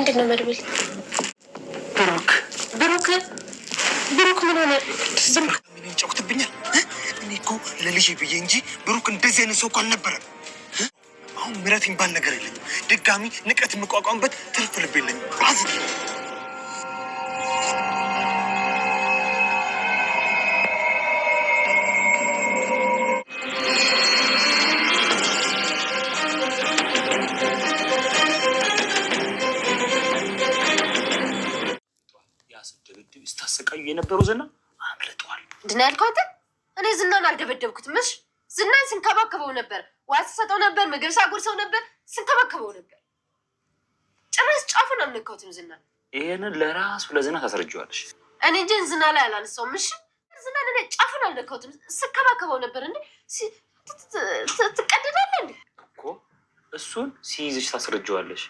ምንድን ነው መድብል? ብሩክ ብሩክ ብሩክ ምን ሆነ? ዝም ጫውትብኛል። እኔ እኮ ለልጅ ብዬ እንጂ ብሩክ እንደዚህ አይነት ሰው እኮ አልነበረም። አሁን ምረት የሚባል ነገር የለኝም። ድጋሚ ንቀት የምቋቋምበት ትርፍ ልብ የለኝም። ነበሩ ዝና አምልጠዋል። ድና ያልኳት እኔ ዝናን አልደበደብኩት ምሽ ዝናን ስንከባከበው ነበር፣ ዋ ሰጠው ነበር፣ ምግብ ሳጎርሰው ነበር፣ ስንከባከበው ነበር። ጭራሽ ጫፉን አልነካሁትም ዝናን። ይሄንን ለራሱ ለዝና ታስረጅዋለሽ። እኔ እንጂ ዝና ላይ አላነሳው ምሽ ዝናን እኔ ጫፉን አልነካሁትም፣ ስከባከበው ነበር። እንዴ ትቀድዳለ እንዴ እኮ እሱን ሲይዝሽ ታስረጅዋለሽ።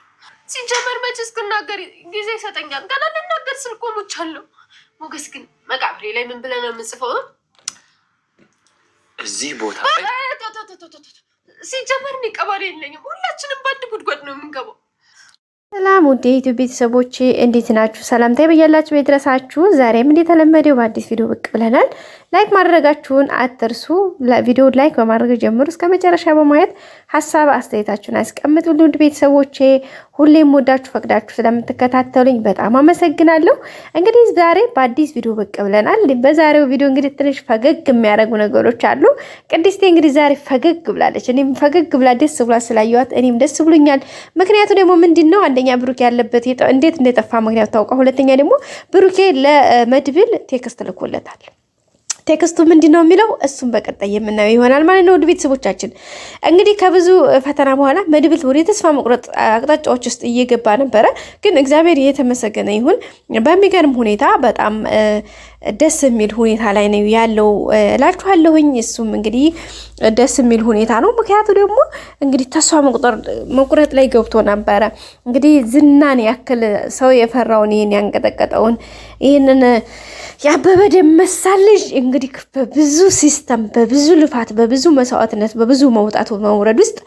ሲጀመር መቼ እስክናገር ጊዜ ይሰጠኛል። ገና ልናገር ስልኮሞች አለው ሞገስ ግን መቃብሬ ላይ ምን ብለን ነው የምንጽፈው? እዚህ ቦታ ሲጀመር እኔ ቀባሪ የለኝም። ሁላችንም በአንድ ጉድጓድ ነው የምንገባው። ሰላም ውድ የኢትዮ ቤተሰቦች እንዴት ናችሁ? ሰላምታ በያላችሁ የድረሳችሁ። ዛሬም እንደተለመደው በአዲስ ቪዲዮ ብቅ ብለናል። ላይክ ማድረጋችሁን አትርሱ። ቪዲዮ ላይክ በማድረግ ጀምሩ። እስከ መጨረሻ በማየት ሀሳብ አስተያየታችሁን አስቀምጡልን። ውድ ቤተሰቦቼ ሁሌም ወዳችሁ ፈቅዳችሁ ስለምትከታተሉኝ በጣም አመሰግናለሁ። እንግዲህ ዛሬ በአዲስ ቪዲዮ ብቅ ብለናል። በዛሬው ቪዲዮ እንግዲህ ትንሽ ፈገግ የሚያደርጉ ነገሮች አሉ። ቅድስቴ እንግዲህ ዛሬ ፈገግ ብላለች። እኔም ፈገግ ብላ ደስ ብላ ስላየዋት እኔም ደስ ብሎኛል። ምክንያቱ ደግሞ ምንድን ነው? አንደኛ ብሩኬ ያለበት እንዴት እንደጠፋ ምክንያቱ ታውቀ። ሁለተኛ ደግሞ ብሩኬ ለመድብል ቴክስት ልኮለታል። ቴክስቱ ምንድን ነው የሚለው እሱም በቀጣይ የምናየው ይሆናል ማለት ነው። ውድ ቤተሰቦቻችን እንግዲህ ከብዙ ፈተና በኋላ መድብል ወደ ተስፋ መቁረጥ አቅጣጫዎች ውስጥ እየገባ ነበረ። ግን እግዚአብሔር እየተመሰገነ ይሁን በሚገርም ሁኔታ በጣም ደስ የሚል ሁኔታ ላይ ነው ያለው እላችኋለሁኝ። እሱም እንግዲህ ደስ የሚል ሁኔታ ነው። ምክንያቱ ደግሞ እንግዲህ ተስፋ መቁረጥ ላይ ገብቶ ነበረ። እንግዲህ ዝናን ያክል ሰው የፈራውን ይህን ያንቀጠቀጠውን ይህንን ያበበ ደመሳ ልጅ እንግዲህ በብዙ ሲስተም፣ በብዙ ልፋት፣ በብዙ መስዋዕትነት፣ በብዙ መውጣት መውረድ ውስጥ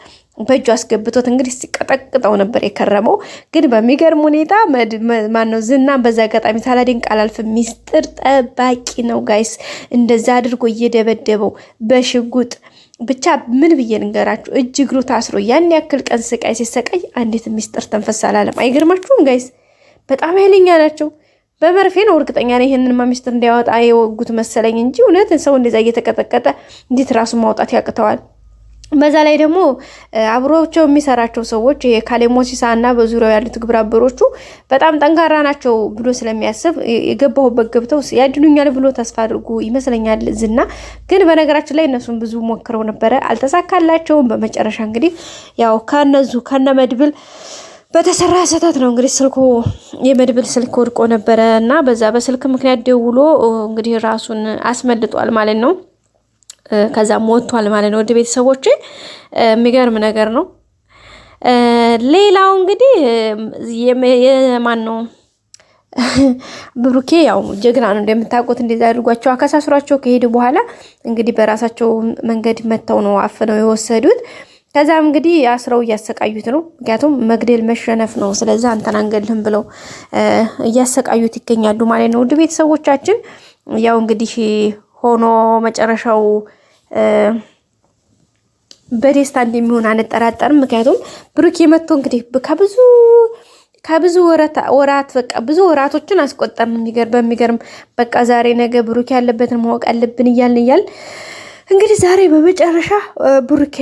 በእጁ አስገብቶት እንግዲህ ሲቀጠቅጠው ነበር የከረመው። ግን በሚገርም ሁኔታ ማነው ዝናን በዛ አጋጣሚ ሳላደንቅ አላልፍም። ሚስጥር ጠባቂ ነው ጋይስ፣ እንደዛ አድርጎ እየደበደበው በሽጉጥ ብቻ ምን ብዬ ንገራችሁ? እጅ እግሩ ታስሮ ያን ያክል ቀን ስቃይ ሲሰቃይ አንዴት ሚስጥር ተንፈስ አላለም። አይገርማችሁም ጋይስ? በጣም ኃይለኛ ናቸው። በመርፌ ነው እርግጠኛ ነው። ይህንን ሚስጥር እንዲያወጣ የወጉት መሰለኝ እንጂ እውነት ሰው እንደዛ እየተቀጠቀጠ እንዴት ራሱ ማውጣት ያቅተዋል? በዛ ላይ ደግሞ አብሮቸው የሚሰራቸው ሰዎች ይሄ ካሌሞሲሳ እና በዙሪያው ያሉት ግብረአበሮቹ በጣም ጠንካራ ናቸው ብሎ ስለሚያስብ የገባሁበት ገብተው ያድኑኛል ብሎ ተስፋ አድርጎ ይመስለኛል ዝና። ግን በነገራችን ላይ እነሱን ብዙ ሞክረው ነበረ፣ አልተሳካላቸውም። በመጨረሻ እንግዲህ ያው ከነዙ ከነ መድብል በተሰራ ስህተት ነው እንግዲህ ስልኩ የመድብል ስልክ ወድቆ ነበረ እና በዛ በስልክ ምክንያት ደውሎ እንግዲህ ራሱን አስመልጧል ማለት ነው። ከዛም ወጥቷል ማለት ነው። ወደ ቤተሰቦች የሚገርም ነገር ነው። ሌላው እንግዲህ የማን ነው ብሩኬ ያው ጀግና ነው እንደምታውቁት፣ እንደዚያ አድርጓቸው አከሳስሯቸው ከሄዱ በኋላ እንግዲህ በራሳቸው መንገድ መተው ነው አፍነው የወሰዱት። ከዛም እንግዲህ አስረው እያሰቃዩት ነው። ምክንያቱም መግደል መሸነፍ ነው። ስለዚ አንተን አንገልህም ብለው እያሰቃዩት ይገኛሉ ማለት ነው። ውድ ቤተሰቦቻችን ያው እንግዲህ ሆኖ መጨረሻው በደስታ እንደሚሆን አንጠራጠርም። ምክንያቱም ብሩክ የመቶ እንግዲህ ከብዙ ከብዙ ወራት በቃ ብዙ ወራቶችን አስቆጠርን። የሚገርም በሚገርም በቃ ዛሬ ነገ ብሩኬ ያለበትን ማወቅ አለብን እያልን እያልን እንግዲህ ዛሬ በመጨረሻ ብሩኬ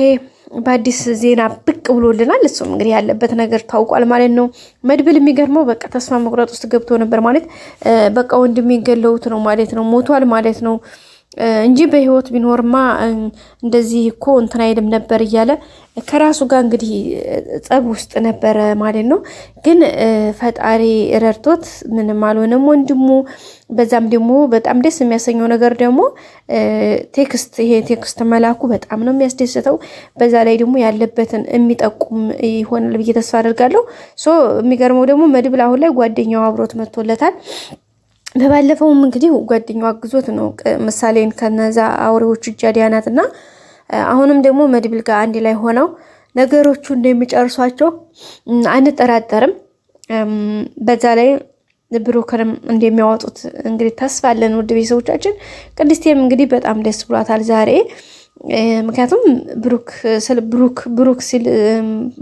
በአዲስ ዜና ብቅ ብሎልናል። እሱም እንግዲህ ያለበት ነገር ታውቋል ማለት ነው። መድብል የሚገርመው በቃ ተስፋ መቁረጥ ውስጥ ገብቶ ነበር ማለት በቃ ወንድሜ ገለውት ነው ማለት ነው፣ ሞቷል ማለት ነው እንጂ በህይወት ቢኖርማ እንደዚህ እኮ እንትን አይልም ነበር እያለ ከራሱ ጋር እንግዲህ ጸብ ውስጥ ነበረ ማለት ነው። ግን ፈጣሪ ረድቶት ምንም አልሆነም ወንድሙ። በዛም ደግሞ በጣም ደስ የሚያሰኘው ነገር ደግሞ ቴክስት፣ ይሄ ቴክስት መላኩ በጣም ነው የሚያስደስተው። በዛ ላይ ደግሞ ያለበትን የሚጠቁም ይሆናል ብዬ ተስፋ አደርጋለሁ። ሶ የሚገርመው ደግሞ መድብል አሁን ላይ ጓደኛው አብሮት መጥቶለታል። በባለፈውም እንግዲህ ጓደኛው አግዞት ነው ምሳሌን ከነዛ አውሬዎቹ እጅ አዳናት እና አሁንም ደግሞ መድብል ጋር አንድ ላይ ሆነው ነገሮቹ እንደሚጨርሷቸው አንጠራጠርም። በዛ ላይ ብሩክንም እንደሚያወጡት እንግዲህ ተስፋ አለን። ውድ ቤተሰቦቻችን ቅድስቴም እንግዲህ በጣም ደስ ብሏታል ዛሬ ምክንያቱም ብሩክ ስለ ብሩክ ብሩክ ሲል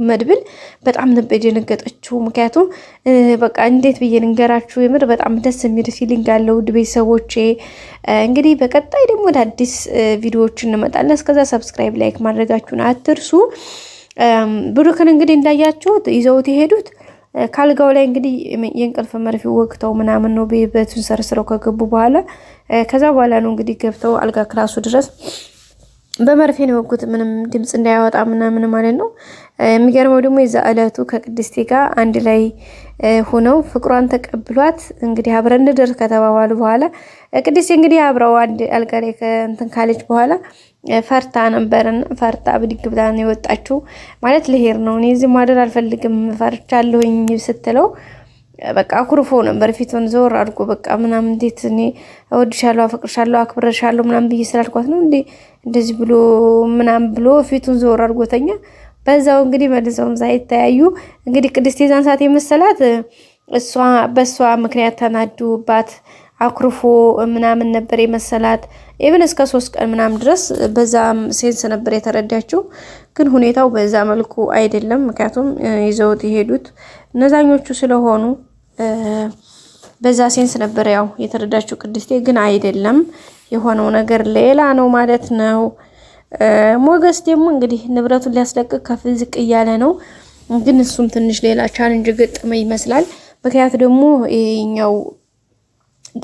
መድብል በጣም ነበር የደነገጠችው። ምክንያቱም በቃ እንዴት ብዬ ንገራችሁ የምር በጣም ደስ የሚል ፊሊንግ አለው። ውድ ቤተሰቦቼ እንግዲህ በቀጣይ ደግሞ ወደ አዲስ ቪዲዮዎች እንመጣለን። እስከዛ ሰብስክራይብ፣ ላይክ ማድረጋችሁን አትርሱ። ብሩክን እንግዲህ እንዳያችሁት ይዘውት የሄዱት ካልጋው ላይ እንግዲህ የእንቅልፍ መርፌ ወቅተው ምናምን ነው ቤቱን ሰርስረው ከገቡ በኋላ ከዛ በኋላ ነው እንግዲህ ገብተው አልጋ ክላሱ ድረስ በመርፌ ነው ወጉት፣ ምንም ድምፅ እንዳያወጣ ምናምን ማለት ነው። የሚገርመው ደግሞ የዛ እለቱ ከቅድስቴ ጋር አንድ ላይ ሆነው ፍቅሯን ተቀብሏት እንግዲህ አብረን እንደርስ ከተባባሉ በኋላ ቅድስቴ እንግዲህ አብረው አንድ አልጋ ላይ እንትን ካለች በኋላ ፈርታ ነበረና ፈርታ ብድግ ብላ ነው የወጣችው። ማለት ልሄድ ነው እኔ እዚህ ማደር አልፈልግም ፈርቻለሁኝ ስትለው በቃ አኩርፎ ነበር ፊቱን ዘወር አድርጎ በቃ ምናምን እንዴት እኔ እወድሻለሁ፣ አፈቅርሻለሁ፣ አክብረሻለሁ ምናምን ብዬ ስላልኳት ነው እንዴ እንደዚህ ብሎ ምናምን ብሎ ፊቱን ዘወር አድርጎተኛ። በዛው እንግዲህ መልሰውም ሳይተያዩ እንግዲህ ቅድስት የዛን ሰዓት የመሰላት እሷ በእሷ ምክንያት ተናዱባት አኩርፎ ምናምን ነበር የመሰላት። ኢቨን እስከ ሶስት ቀን ምናምን ድረስ በዛ ሴንስ ነበር የተረዳችው። ግን ሁኔታው በዛ መልኩ አይደለም። ምክንያቱም ይዘውት የሄዱት እነዛኞቹ ስለሆኑ በዛ ሴንስ ነበር ያው የተረዳችው ቅድስቴ። ግን አይደለም የሆነው ነገር ሌላ ነው ማለት ነው። ሞገስ ደግሞ እንግዲህ ንብረቱን ሊያስለቅቅ ከፍዝቅ እያለ ነው። ግን እሱም ትንሽ ሌላ ቻለንጅ ገጠመ ይመስላል። ምክንያቱ ደግሞ ይሄኛው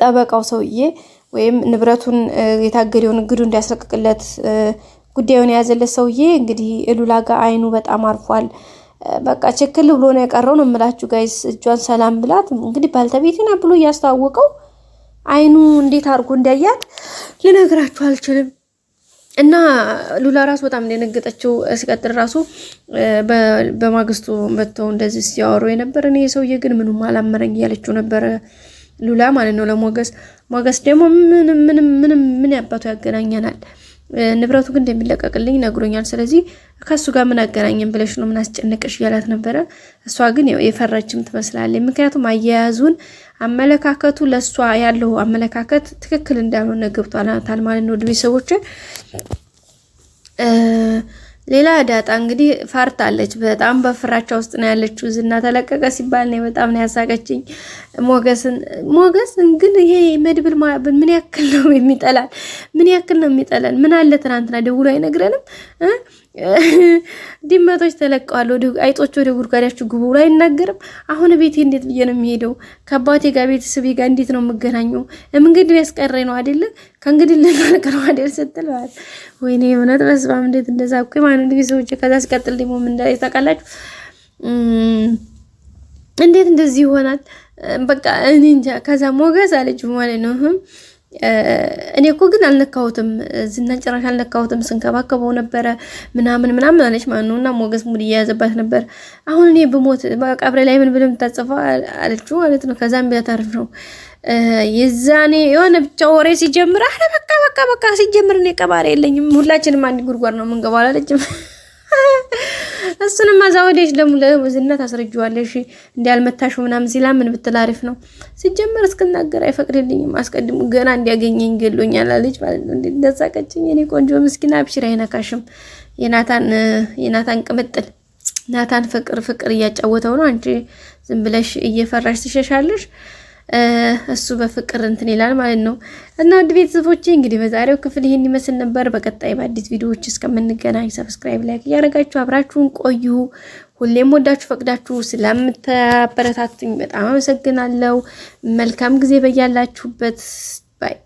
ጠበቃው ሰውዬ ወይም ንብረቱን የታገደውን እግዱ እንዲያስለቅቅለት ጉዳዩን የያዘለት ሰውዬ እንግዲህ እሉላ ጋር አይኑ በጣም አርፏል። በቃ ችክል ብሎ ነው የቀረው ነው የምላችሁ ጋይስ። እጇን ሰላም ብላት እንግዲህ ባልተቤቴና ብሎ እያስተዋወቀው አይኑ እንዴት አድርጎ እንዳያት ልነግራችሁ አልችልም። እና ሉላ ራሱ በጣም እንደነገጠችው ሲቀጥል ራሱ በማግስቱ መጥተው እንደዚህ ሲያወሩ የነበር እኔ የሰውዬ ግን ምንም አላመረኝ እያለችው ነበረ ሉላ ማለት ነው ለሞገስ። ሞገስ ደግሞ ምንም ምንም ምን ያባቱ ያገናኘናል ንብረቱ ግን እንደሚለቀቅልኝ ነግሮኛል። ስለዚህ ከእሱ ጋር ምን አገናኘን ብለሽ ነው ምን አስጨነቀሽ እያላት ነበረ። እሷ ግን የፈረችም ትመስላለች። ምክንያቱም አያያዙን፣ አመለካከቱ ለእሷ ያለው አመለካከት ትክክል እንዳልሆነ ገብቷታል ማለት ነው። ድቤ ሰዎች ሌላ ዳጣ እንግዲህ ፈርታለች። በጣም በፍራቻ ውስጥ ነው ያለችው። ዝና ተለቀቀ ሲባል ነው በጣም ነው ያሳቀችኝ። ሞገስን ሞገስን ግን ይሄ መድብል ማብን ምን ያክል ነው የሚጠላል? ምን ያክል ነው የሚጠላል? ምን አለ ትናንትና ደውሎ አይነግረንም? ድመቶች ተለቀዋል። ወደ አይጦች ወደ ጉድጓዳችሁ ግቡ ብሎ አይናገርም። አሁን ቤቴ እንዴት ብዬ ነው የሚሄደው? ከአባቴ ጋር ቤተሰቤ ጋር እንዴት ነው የምገናኘው? መንገድ ያስቀረኝ ነው አይደለ? ከእንግዲህ ልናልቅ ነው አይደል ስትል ማለት ወይኔ፣ እውነት በስባም እንዴት እንደዛ እኮ ማለት ነው ሰዎች። ከዛ ሲቀጥል ደግሞ ምን ታውቃላችሁ? እንዴት እንደዚህ ይሆናል? በቃ እኔ እንጃ። ከዛ ሞገስ አለች ማለት ነው እኔ እኮ ግን አልነካሁትም፣ ዝናን ጭራሽ አልነካሁትም፣ ስንከባከበው ነበረ ምናምን ምናምን አለች ማለት ነው። እና ሞገስ ሙድ እየያዘባት ነበር። አሁን እኔ ብሞት ቀብሬ ላይ ምን ብለህ የምታጽፈው አለችው ማለት ነው። ከዛም ቢያታርፍ ነው የዛኔ የሆነ ብቻ ወሬ ሲጀምር፣ አረ በቃ በቃ በቃ ሲጀምር እኔ ቀባሪ የለኝም፣ ሁላችንም አንድ ጉድጓድ ነው የምንገባው እሱንም አዛወዴሽ ደግሞ ለዝና ታስረጅዋለሽ እንዲያልመታሽ ምናምን ሲላ ምን ብትል አሪፍ ነው። ሲጀመር እስክናገር አይፈቅድልኝም። አስቀድሞ ገና እንዲያገኘኝ ገሎኛል አለች ማለት ነው። እንደዛ ቀጭኝ ቆንጆ ምስኪና፣ አብሽር አይነካሽም። የናታን የናታን ቅምጥል ናታን ፍቅር ፍቅር እያጫወተው ነው። አንቺ ዝም ብለሽ እየፈራሽ ትሸሻለሽ። እሱ በፍቅር እንትን ይላል ማለት ነው። እና ውድ ቤተሰቦቼ እንግዲህ በዛሬው ክፍል ይህን ይመስል ነበር። በቀጣይ በአዲስ ቪዲዮዎች እስከምንገናኝ ሰብስክራይብ፣ ላይክ እያደረጋችሁ አብራችሁን ቆዩ። ሁሌም ወዳችሁ ፈቅዳችሁ ስለምታበረታቱኝ በጣም አመሰግናለሁ። መልካም ጊዜ በያላችሁበት ባይ